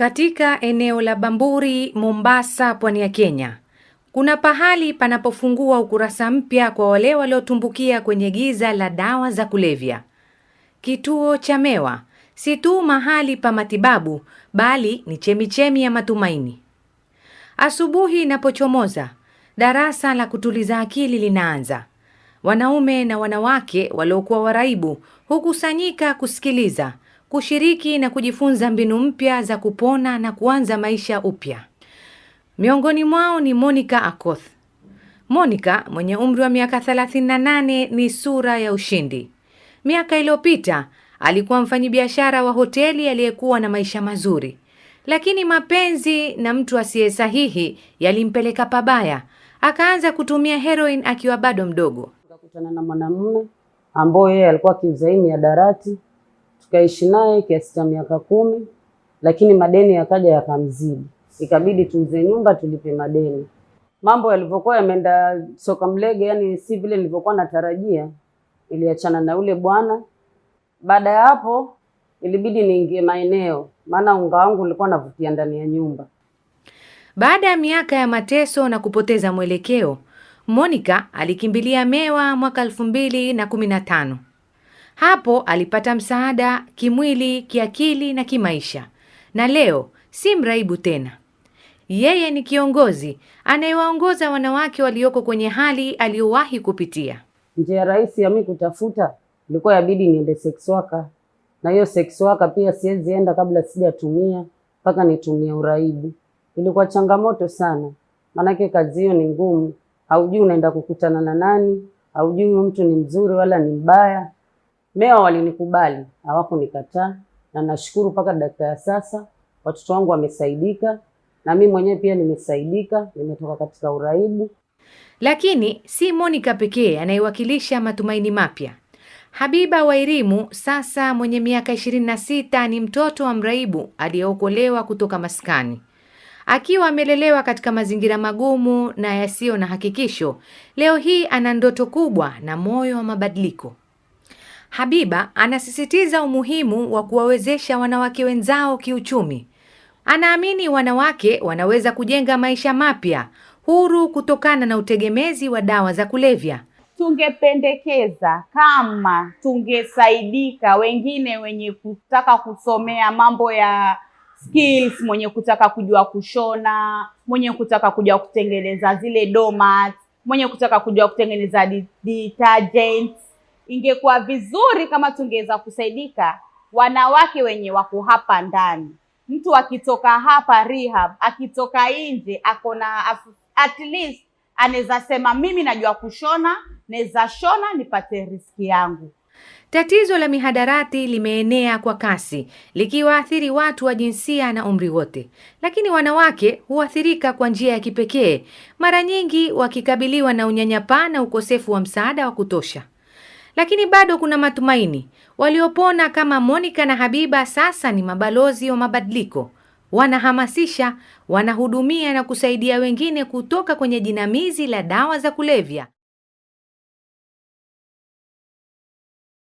Katika eneo la Bamburi, Mombasa, pwani ya Kenya, kuna pahali panapofungua ukurasa mpya kwa wale waliotumbukia kwenye giza la dawa za kulevya. Kituo cha Mewa si tu mahali pa matibabu, bali ni chemichemi ya matumaini. Asubuhi inapochomoza, darasa la kutuliza akili linaanza. Wanaume na wanawake waliokuwa waraibu hukusanyika kusikiliza kushiriki na kujifunza mbinu mpya za kupona na kuanza maisha upya. Miongoni mwao ni Monica Akoth. Monica mwenye umri wa miaka 38 ni sura ya ushindi. Miaka iliyopita alikuwa mfanyabiashara wa hoteli aliyekuwa na maisha mazuri, lakini mapenzi na mtu asiye sahihi yalimpeleka pabaya. Akaanza kutumia heroin akiwa bado mdogo. Akakutana na mwanamume ambaye yeye alikuwa akiuza mihadarati tukaishi naye kiasi cha miaka kumi, lakini madeni yakaja yakamzidi, ikabidi tuuze nyumba tulipe madeni. Mambo yalivyokuwa yameenda soka mlege, yani si vile nilivyokuwa natarajia, iliachana na ule bwana. Baada ya hapo, ilibidi niingie maeneo, maana unga wangu ulikuwa navutia ndani ya nyumba. Baada ya miaka ya mateso na kupoteza mwelekeo, Monica alikimbilia Mewa mwaka elfu mbili na kumi na tano. Hapo alipata msaada kimwili, kiakili na kimaisha, na leo si mraibu tena. Yeye ni kiongozi anayewaongoza wanawake walioko kwenye hali aliyowahi kupitia. Njia rahisi ya mimi kutafuta ilikuwa yabidi niende sex worker, na hiyo sex worker pia siwezi enda kabla sijatumia mpaka nitumie uraibu. Ilikuwa changamoto sana, maanake kazi hiyo ni ngumu. Haujui unaenda kukutana na nani, haujui huyo mtu ni mzuri wala ni mbaya. Mewa walinikubali, hawakunikataa na nashukuru mpaka dakika ya sasa watoto wangu wamesaidika na mimi mwenyewe pia nimesaidika, nimetoka katika uraibu. Lakini si Monica pekee anayewakilisha matumaini mapya. Habiba wa Irimu sasa mwenye miaka ishirini na sita ni mtoto wa mraibu aliyeokolewa kutoka maskani. Akiwa amelelewa katika mazingira magumu na yasiyo na hakikisho, leo hii ana ndoto kubwa na moyo wa mabadiliko. Habiba anasisitiza umuhimu wa kuwawezesha wanawake wenzao kiuchumi. Anaamini wanawake wanaweza kujenga maisha mapya huru kutokana na utegemezi wa dawa za kulevya. Tungependekeza kama tungesaidika wengine wenye kutaka kusomea mambo ya skills, mwenye kutaka kujua kushona, mwenye kutaka kujua kutengeneza zile domat, mwenye kutaka kujua kutengeneza detergents ingekuwa vizuri kama tungeweza kusaidika wanawake wenye wako hapa ndani. Mtu akitoka hapa rehab, akitoka nje akona at least anaweza sema mimi najua kushona, naweza shona nipate riski yangu. Tatizo la mihadarati limeenea kwa kasi likiwaathiri watu wa jinsia na umri wote, lakini wanawake huathirika kwa njia ya kipekee, mara nyingi wakikabiliwa na unyanyapaa na ukosefu wa msaada wa kutosha. Lakini bado kuna matumaini. Waliopona kama Monica na Habiba sasa ni mabalozi wa mabadiliko. Wanahamasisha, wanahudumia na kusaidia wengine kutoka kwenye jinamizi la dawa za kulevya.